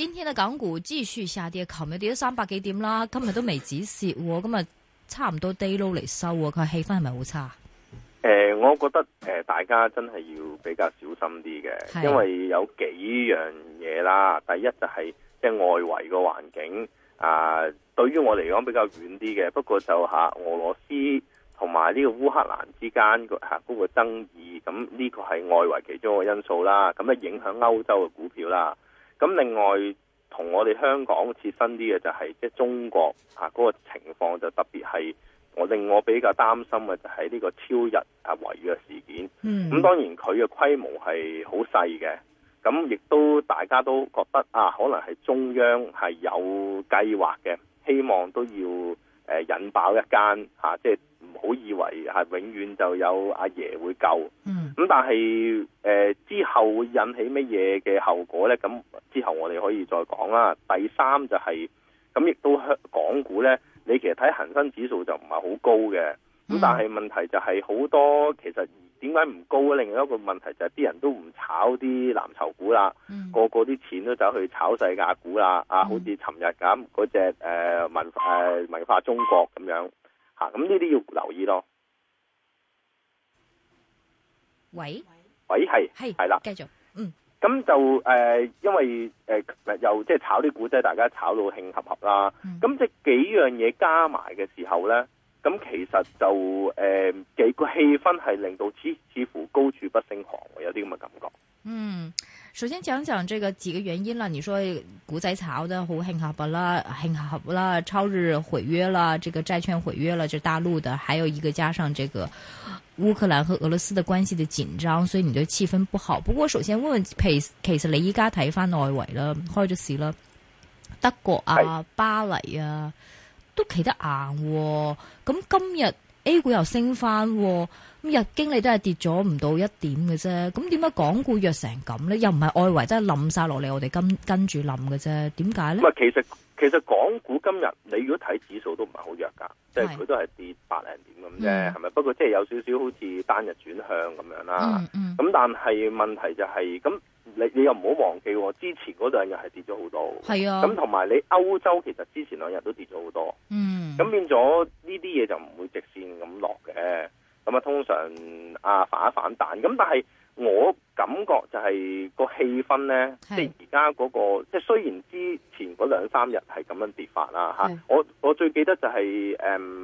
今天嘅港股繼續下跌，琴日跌咗三百幾點啦，今日都未止蝕，今日差唔多 day low 嚟收佢氣氛係咪好差？誒、呃，我覺得誒，大家真係要比較小心啲嘅，啊，因為有幾樣嘢啦。第一就係即係外圍嘅環境啊、呃，對於我嚟講比較遠啲嘅。不過就吓俄羅斯同埋呢個烏克蘭之間吓嗰個爭議，咁、這、呢個係外圍其中一個因素啦。咁啊影響歐洲嘅股票啦。咁另外同我哋香港切身啲嘅就係即係中國啊嗰個情況，就特別係我令我比較擔心嘅就係呢個超日啊違約事件。嗯，咁當然佢嘅規模係好細嘅，咁亦都大家都覺得啊，可能係中央係有計劃嘅，希望都要。誒引爆一間嚇，即係唔好以為係、啊、永遠就有阿爺會救。嗯、mm.，咁但係誒之後會引起乜嘢嘅後果咧？咁之後我哋可以再講啦。第三就係、是、咁，亦都香港股咧。你其實睇恒生指數就唔係好高嘅，咁、mm. 但係問題就係好多其實。點解唔高啊？另外一個問題就係啲人都唔炒啲藍籌股啦、嗯，個個啲錢都走去炒細價股啦。啊、嗯，好似尋日咁嗰隻誒文誒文化中國咁樣吓，咁呢啲要留意咯。喂喂，係係係啦，繼續。嗯，咁就誒、呃，因為誒、呃、又即係炒啲股仔，大家炒到興合合啦。咁、嗯、即係幾樣嘢加埋嘅時候咧。咁其實就誒幾個氣氛係令到似似乎高處不勝寒，有啲咁嘅感覺。嗯，首先講講這個幾個原因啦。你說股災潮啦、和銀行崩啦、銀行崩啦、超日毀約啦、這個債券毀約啦，就是、大陸的。還有一個加上這個烏克蘭和俄羅斯的關係的緊張，所以你對氣氛不好。不過首先問問譬如，其實你而家睇返外圍啦，開咗市啦，德國啊、巴黎啊。都企得硬喎，咁今日 A 股又升翻喎，咁日經你都係跌咗唔到一點嘅啫，咁點解港股弱成咁咧？又唔係外圍真係冧晒落嚟，我哋跟跟住冧嘅啫，點解咧？其實。其實港股今日你如果睇指數都唔係好弱噶，即係佢都係跌百零點咁啫，係、嗯、咪？不過即係有少少好似單日轉向咁樣啦。咁、嗯嗯、但係問題就係、是、咁，你你又唔好忘記、哦、之前嗰兩日係跌咗好多，係啊。咁同埋你歐洲其實之前兩日都跌咗好多，嗯。咁變咗呢啲嘢就唔會直線咁落嘅，咁啊通常啊反一反彈咁，但係。我感覺就係個氣氛呢，即係而家嗰個，即係雖然之前嗰兩三日係咁樣跌法啦，嚇，我我最記得就係誒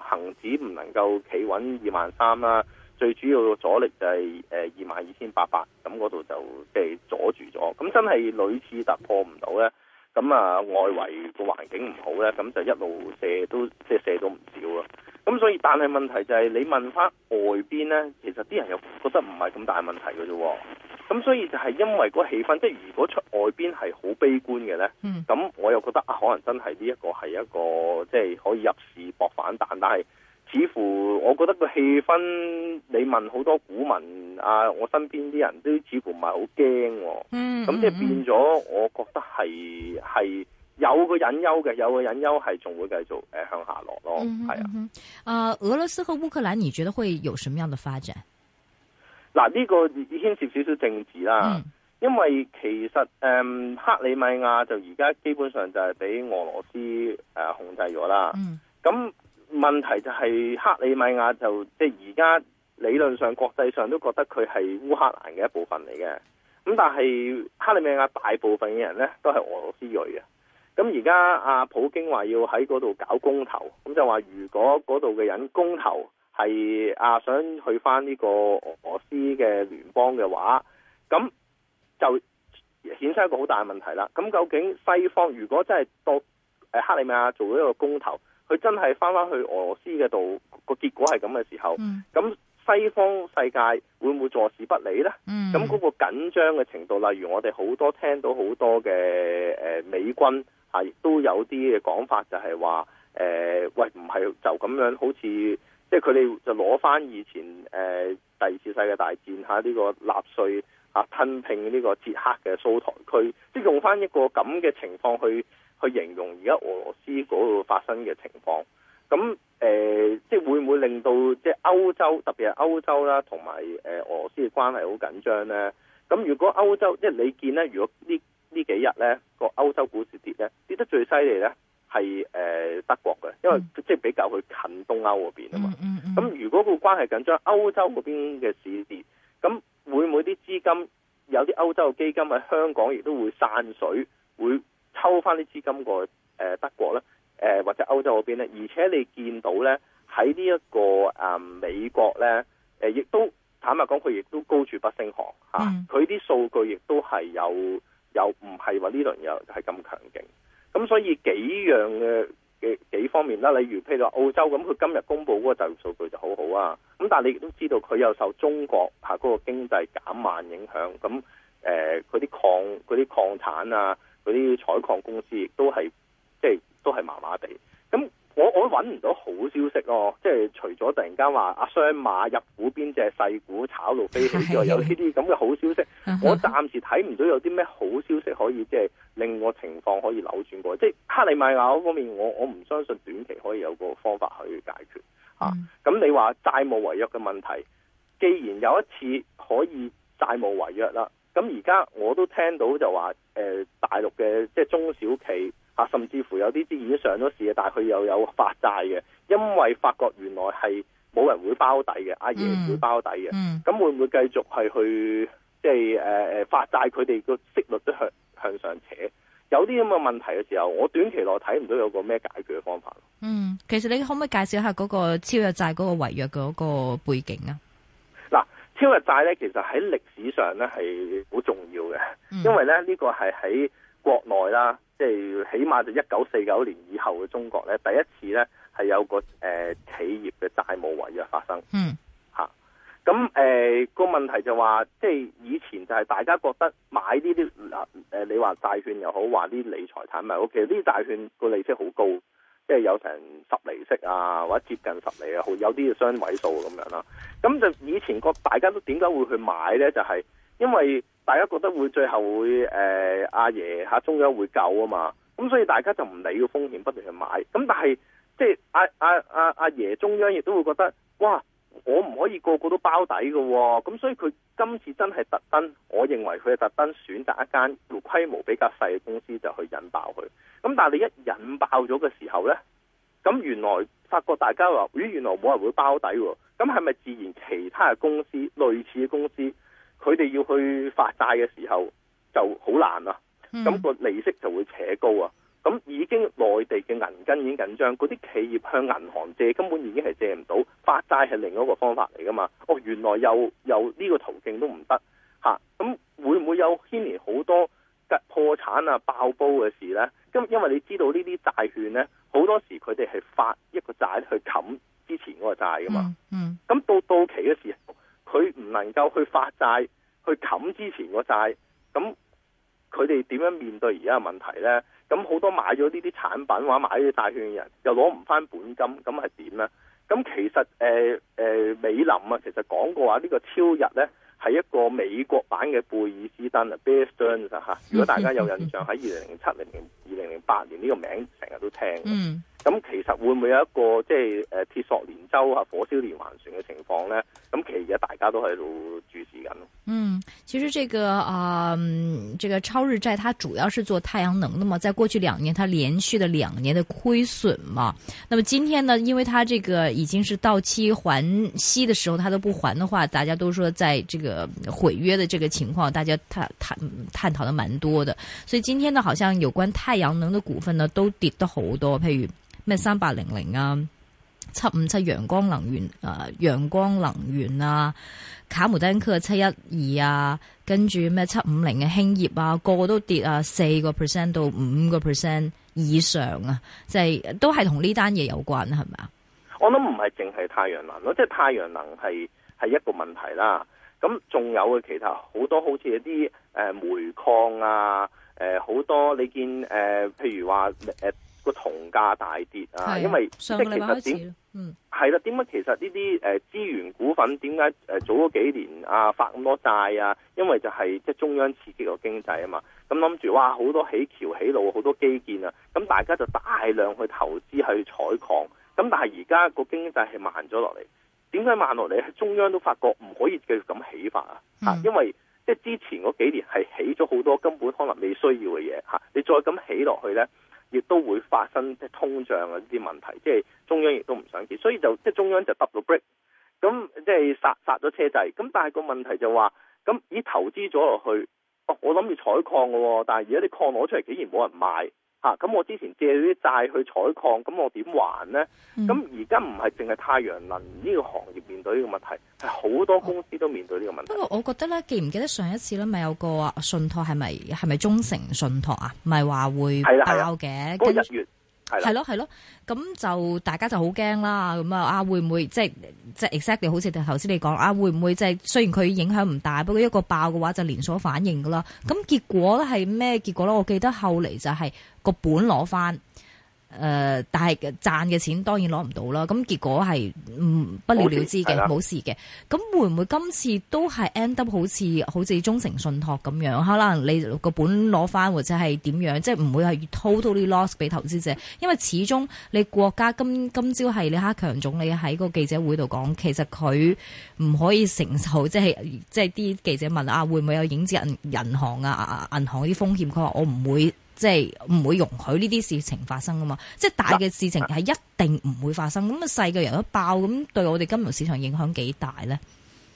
恆指唔能夠企穩二萬三啦，最主要的阻力就係誒二萬二千八百，咁嗰度就即係阻住咗。咁真係屢次突破唔到呢，咁啊外圍個環境唔好呢，咁就一路射都即係、就係、射到唔少。啊！咁所以，但係問題就係你問翻外邊咧，其實啲人又覺得唔係咁大的問題嘅啫。咁所以就係因為個氣氛，即係如果出外邊係好悲觀嘅咧，咁我又覺得啊，可能真係呢一個係一個即係可以入市搏反彈，但係似乎我覺得個氣氛，你問好多股民啊，我身邊啲人都似乎唔係好驚，咁即係變咗，我覺得係係。是有個隱憂嘅，有個隱憂係仲會繼續誒向下落咯，係、嗯、啊。啊，俄羅斯和烏克蘭，你覺得會有什麼樣嘅發展？嗱，呢個牽涉少少政治啦、嗯，因為其實誒、嗯，克里米亞就而家基本上就係俾俄羅斯誒、呃、控制咗啦。咁、嗯、問題就係克里米亞就即係而家理論上國際上都覺得佢係烏克蘭嘅一部分嚟嘅，咁但係克里米亞大部分嘅人咧都係俄羅斯裔嘅。咁而家阿普京話要喺嗰度搞公投，咁就話如果嗰度嘅人公投係啊想去翻呢個俄羅斯嘅聯邦嘅話，咁就衍生一個好大問題啦。咁究竟西方如果真係到誒克里米亞做咗一個公投，佢真係翻翻去俄羅斯嘅度，個結果係咁嘅時候，咁西方世界會唔會坐視不理咧？咁嗰個緊張嘅程度，例如我哋好多聽到好多嘅誒美軍。亦都有啲嘅講法就是說，就係話，誒，喂，唔係就咁樣，好似即係佢哋就攞翻以前誒、呃、第二次世界大戰吓呢、啊呢個納粹啊吞併呢個捷克嘅蘇台區，即係用翻一個咁嘅情況去去形容而家俄羅斯嗰度發生嘅情況。咁誒、呃，即係會唔會令到即係歐洲特別係歐洲啦，同埋誒俄羅斯嘅關係好緊張咧？咁如果歐洲即係你見咧，如果呢？幾天呢幾日呢個歐洲股市跌呢跌得最犀利呢係誒、呃、德國嘅，因為、嗯、即係比較去近東歐嗰邊啊嘛。咁、嗯嗯、如果個關係緊張，歐洲嗰邊嘅市跌，咁會唔會啲資金有啲歐洲嘅基金喺香港，亦都會散水，會抽翻啲資金過誒、呃、德國呢，誒、呃、或者歐洲嗰邊咧？而且你見到呢喺呢一個啊、呃、美國呢，誒、呃、亦都坦白講，佢亦都高處不勝寒嚇，佢啲數據亦都係有。又唔係話呢輪又係咁強勁，咁所以幾樣嘅嘅幾，幾方面啦，例如譬如話澳洲咁，佢今日公布嗰個就業數據就好好啊，咁但係你亦都知道佢又受中國嚇嗰個經濟減慢影響，咁誒啲礦啲礦產啊，嗰啲採礦公司亦都係即係都係麻麻地。我我揾唔到好消息咯，哦，即係除咗突然間話阿雙馬入股邊隻細股炒到飛起之外，有呢啲咁嘅好消息，我暫時睇唔到有啲咩好消息可以即係令我情況可以扭轉過嚟。即係克里米亞方面，我我唔相信短期可以有個方法去解決。吓，咁你話債務違約嘅問題，既然有一次可以債務違約啦，咁而家我都聽到就話，誒、呃，大陸嘅即係中小企。啊，甚至乎有啲啲已經上咗市嘅，但係佢又有發債嘅，因為發覺原來係冇人會包底嘅，阿、嗯、爺、啊、會包底嘅，咁、嗯、會唔會繼續係去即係誒誒發債？佢哋個息率都向向上扯，有啲咁嘅問題嘅時候，我短期內睇唔到有個咩解決嘅方法。嗯，其實你可唔可以介紹下嗰個超日債嗰個違約嘅嗰個背景啊？嗱，超日債呢，其實喺歷史上呢係好重要嘅，因為呢呢、呢個係喺國內啦。即係起碼就一九四九年以後嘅中國咧，第一次咧係有個誒企業嘅債務違約發生。嗯，吓，咁誒個問題就話，即係以前就係大家覺得買呢啲嗱誒，你話債券又好，話啲理財產品又好，其實呢債券個利息好高，即係有成十厘息啊，或者接近十厘啊，好有啲雙位數咁樣啦。咁就以前個大家都點解會去買咧？就係、是、因為。大家覺得會最後會誒阿、呃、爺嚇中央會救啊嘛，咁所以大家就唔理個風險不斷去買，咁但係即係阿阿阿阿爺中央亦都會覺得，哇！我唔可以個個都包底嘅喎、哦，咁所以佢今次真係特登，我認為佢係特登選擇一間規模比較細嘅公司就去引爆佢，咁但係你一引爆咗嘅時候呢，咁原來發覺大家話咦，原來冇人會包底喎，咁係咪自然其他嘅公司類似嘅公司，類似的公司佢哋要去發債嘅時候就好難啦、啊，咁個利息就會扯高啊。咁已經內地嘅銀根已經緊張，嗰啲企業向銀行借根本已經係借唔到，發債係另一個方法嚟噶嘛。哦，原來又有呢個途徑都唔得吓，咁、啊、會唔會有牽連好多破產啊爆煲嘅事呢？咁因為你知道呢啲債券呢，好多時佢哋係發一個債去冚之前嗰個債噶嘛，嗯，咁到到期嘅時候。佢唔能夠去發債去冚之前個債，咁佢哋點樣面對而家嘅問題呢？咁好多買咗呢啲產品或者買呢啲債券嘅人，又攞唔返本金，咁係點呢？咁其實誒誒、呃呃、美林啊，其實講過話呢、呢個超日呢，係一個美國版嘅貝爾斯登，啊 b e s o n 吓。如果大家有印象喺二零零七、年、二零零八年呢、這個名成日都聽。咁、嗯、其實會唔會有一個即係誒、呃、鐵索連舟啊，火燒連環船嘅情況咧？咁其實大家都喺度注視緊。嗯，其實這個啊、呃，這個超日債，它主要是做太陽能的嘛。那麼在過去兩年，它連續的兩年的虧損嘛。那麼今天呢，因為它這個已經是到期還息的時候，它都不還的話，大家都說在這個。呃，毀約的這個情況，大家探探探，探討得蠻多的，所以今天呢，好像有關太陽能的股份呢，都跌得好多。譬如咩三八零零啊，七五七陽光能源啊，陽光能源啊，卡姆丹克七一二啊，跟住咩七五零嘅興業啊，個個都跌啊，四個 percent 到五個 percent 以上啊，就係、是、都係同呢單嘢有關，係咪？我諗唔係淨係太陽能咯，即係太陽能係係一個問題啦。咁仲有嘅其實好多，好似一啲誒煤礦啊，誒好多你見誒，譬如話誒個銅價大跌啊，啊因為即係其實點，嗯係啦，點解、啊、其實呢啲誒資源股份點解誒早嗰幾年啊發咁多債啊？因為就係即係中央刺激個經濟啊嘛，咁諗住哇好多起橋起路好多基建啊，咁大家就大量去投資去採礦，咁但係而家個經濟係慢咗落嚟。點解慢落嚟？中央都發覺唔可以繼續咁起法啊！嚇、嗯，因為即係之前嗰幾年係起咗好多根本可能未需要嘅嘢嚇，你再咁起落去咧，亦都會發生即係通脹啊呢啲問題，即、就、係、是、中央亦都唔想見，所以就即係、就是、中央就 double break，咁即係殺殺咗車仔。咁但係個問題就話、是、咁已投資咗落去，哦，我諗住採礦嘅喎、哦，但係而家啲礦攞出嚟竟然冇人買。啊！咁我之前借咗啲債去採礦，咁我點還呢？咁而家唔係淨係太陽能呢個行業面對呢個問題，係好多公司都面對呢個問題。不過我覺得呢，記唔記得上一次呢咪有個信託係咪係咪忠誠信託啊？咪話會爆嘅，那個，跟。係係咯，係咯，咁就大家就好驚啦，咁啊啊會唔會即係即係 exactly 好似頭先你講啊會唔會即係雖然佢影響唔大，不過一個爆嘅話就連鎖反應噶啦，咁、嗯、結果咧係咩結果咧？我記得後嚟就係個本攞翻。誒、呃，但係賺嘅錢當然攞唔到啦。咁結果係唔不了了之嘅，冇事嘅。咁會唔會今次都係 end up 好似好似中誠信託咁樣？可能你個本攞翻，或者係點樣？即係唔會係 totally lost 俾投資者，因為始終你國家今今朝係李克強總理喺個記者會度講，其實佢唔可以承受，即係即係啲記者問啊，會唔會有影子銀銀行啊、銀行啲風險？佢話我唔會。即係唔會容許呢啲事情發生噶嘛？即係大嘅事情係一定唔會發生咁啊。細嘅人都爆咁，對我哋金融市場影響幾大咧？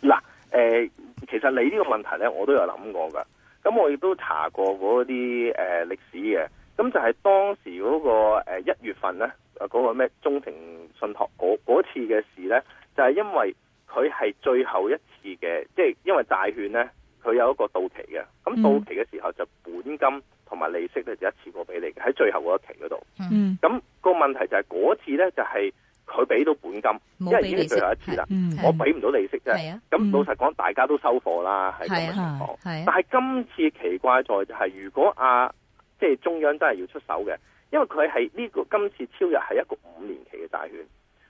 嗱，誒，其實你呢個問題咧，我都有諗過噶。咁我亦都查過嗰啲誒歷史嘅。咁就係當時嗰個誒一月份咧，嗰個咩中庭信託嗰次嘅事咧，就係因為佢係最後一次嘅，即係因為債券咧，佢有一個到期嘅，咁到期嘅時候就本金。同埋利息咧就一次過俾你，喺最後嗰一期嗰度。嗯，咁、那個問題就係、是、嗰次咧就係佢俾到本金，冇俾利息，因為已經係最後一次啦。嗯，我俾唔到利息啫。係啊，咁老實講、嗯，大家都收貨啦，係咁嘅情況。係、啊啊、但係今次奇怪在就係、是，如果啊，即係中央真係要出手嘅，因為佢係呢個今次超入係一個五年期嘅債券，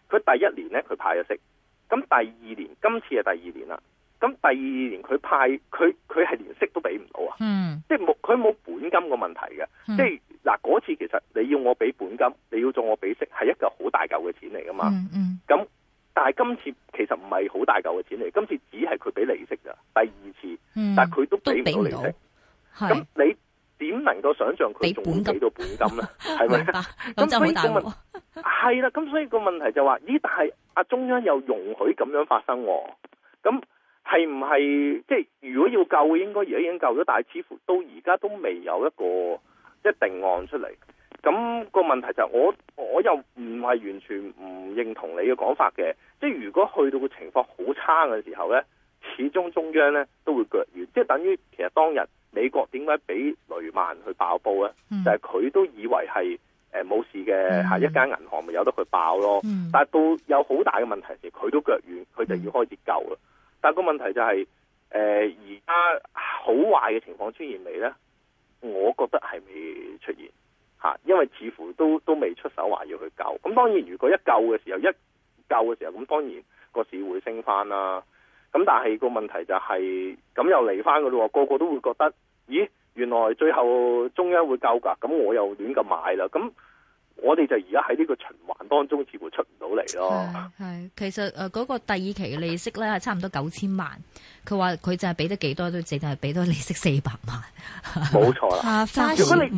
佢第一年咧佢派咗息，咁第二年今次係第二年啦。咁第二年佢派佢，佢係連息都俾唔到啊！即係冇佢冇本金個問題嘅，嗯，即係嗱，嗰次其實你要我俾本金，你要做我俾息，係一個好大嚿嘅錢嚟噶嘛？咁，嗯嗯，但係今次其實唔係好大嚿嘅錢嚟，今次只係佢俾利息咋？第二次，嗯，但係佢都俾唔到利息。咁你點能夠想象佢仲會俾到本金咧？金 是不是 明白？咁 所以個問係啦，咁所以個問題就話、是，咦？但係阿中央又容許咁樣發生咁？係唔係即係？如果要救嘅，應該而家已經救咗，但係似乎到而家都未有一個一定案出嚟。咁、個問題就係我我又唔係完全唔認同你嘅講法嘅，即係如果去到個情況好差嘅時候呢，始終中央呢都會腳軟，即係等於其實當日美國點解俾雷曼去爆煲呢？Mm. 就係佢都以為係誒冇事嘅，係、mm. 一間銀行咪由得佢爆咯。Mm. 但係到有好大嘅問題時，佢都腳軟，佢就要開始救啦。但個問題就係、是，誒、呃，而家好壞嘅情況出現未呢？我覺得係未出現吓、啊，因為似乎都都未出手話要去救。咁當然，如果一救嘅時候一救嘅時候，咁當然個市會升翻啦。咁但係個問題就係、是，咁又嚟翻噶咯，個個都會覺得，咦，原來最後中央會救噶，咁我又亂咁買啦，咁。我哋就而家喺呢個循環當中，似乎出唔到嚟咯。係，其實誒，嗰、呃那個第二期嘅利息咧，係差唔多九千萬。佢話佢就係俾得幾多都淨係俾多利息四百萬，冇 錯啦發。如果力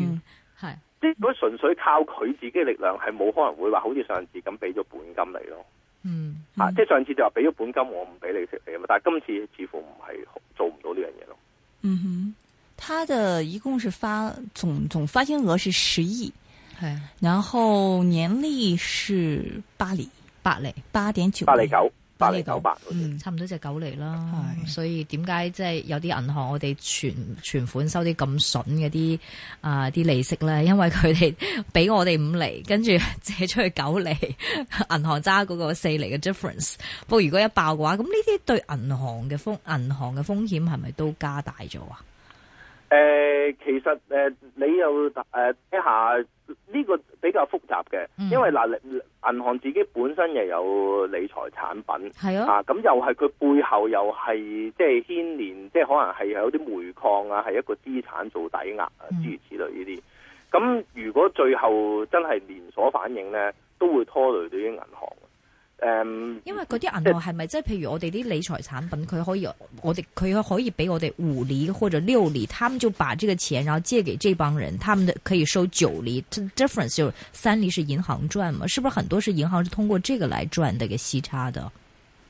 係，如果純粹靠佢自己力量，係冇可能會話好似上次咁俾咗本金你咯。嗯，嗯啊、即係上次就話俾咗本金，我唔俾利息你啊嘛。但係今次似乎唔係做唔到呢樣嘢咯。嗯哼，他就一共是發總總發行額是十億。係、嗯，然後年利是八厘，八厘，八點九，八厘九，八厘九八，嗯，差唔多就係九厘啦。係，所以點解即係有啲銀行我哋存存款收啲咁笋嘅啲啊啲利息咧？因為佢哋俾我哋五厘，跟住借出去九厘，銀行揸嗰個四厘嘅 difference。不過如果一爆嘅話，咁呢啲對銀行嘅風，銀行嘅風險係咪都加大咗啊？誒、呃，其實誒、呃，你又誒睇下呢個比較複雜嘅、嗯，因為嗱，銀行自己本身又有理財產品，係、哦、啊，咁又係佢背後又係即係牽連，即、就、係、是、可能係有啲煤礦啊，係一個資產做抵押啊，諸如此類呢啲。咁如果最後真係連鎖反應呢，都會拖累到啲銀行。因為嗰啲銀行係咪即係，譬如我哋啲理財產品，佢可以我哋佢可以俾我哋五厘或者六厘，他們就把這個錢然後借給這幫人，他們可以收九厘，difference 就三厘是銀行賺嘛？是不是很多是銀行是通過這個來賺的個息差的？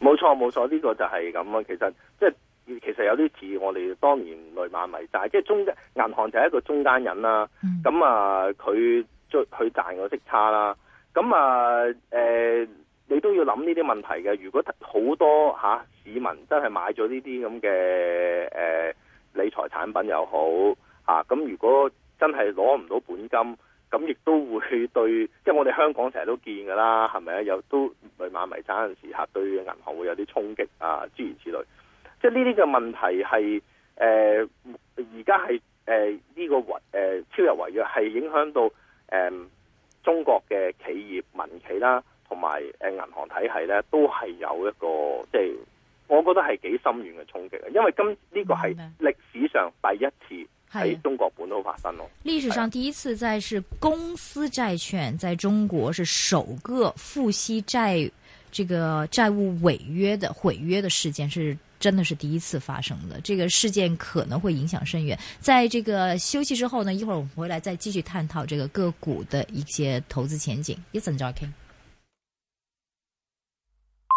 冇錯冇錯，呢、這個就係咁樣，其實即係其實有啲似我哋當年雷曼迷債即係中間銀行就係一個中間人啦。咁、嗯、啊，佢佢賺個息差啦。咁啊，誒、欸。你都要諗呢啲問題嘅。如果好多嚇、啊、市民真係買咗呢啲咁嘅誒理財產品又好嚇，咁、啊、如果真係攞唔到本金，咁亦都會對，即係我哋香港成日都見㗎啦，係咪啊？又都雷曼迷債嗰陣時嚇、啊，對銀行會有啲衝擊啊，諸如此類。即係呢啲嘅問題係誒而家係誒呢個違誒、呃、超入違約係影響到誒、呃、中國嘅企業民企啦。同埋，誒，銀行體系呢都係有一個，即係，我覺得係幾深遠嘅衝擊。因為今呢個係歷史上第一次喺中國本土發生咯。歷史上第一次在是公司債券，在中國是首個付息債，這個債務違約的毀約的事件是，真的是第一次發生的。的這個事件可能會影響深遠。在這個休息之後呢，一會兒我們回來再繼續探討這個個股的一些投資前景。Yason joking。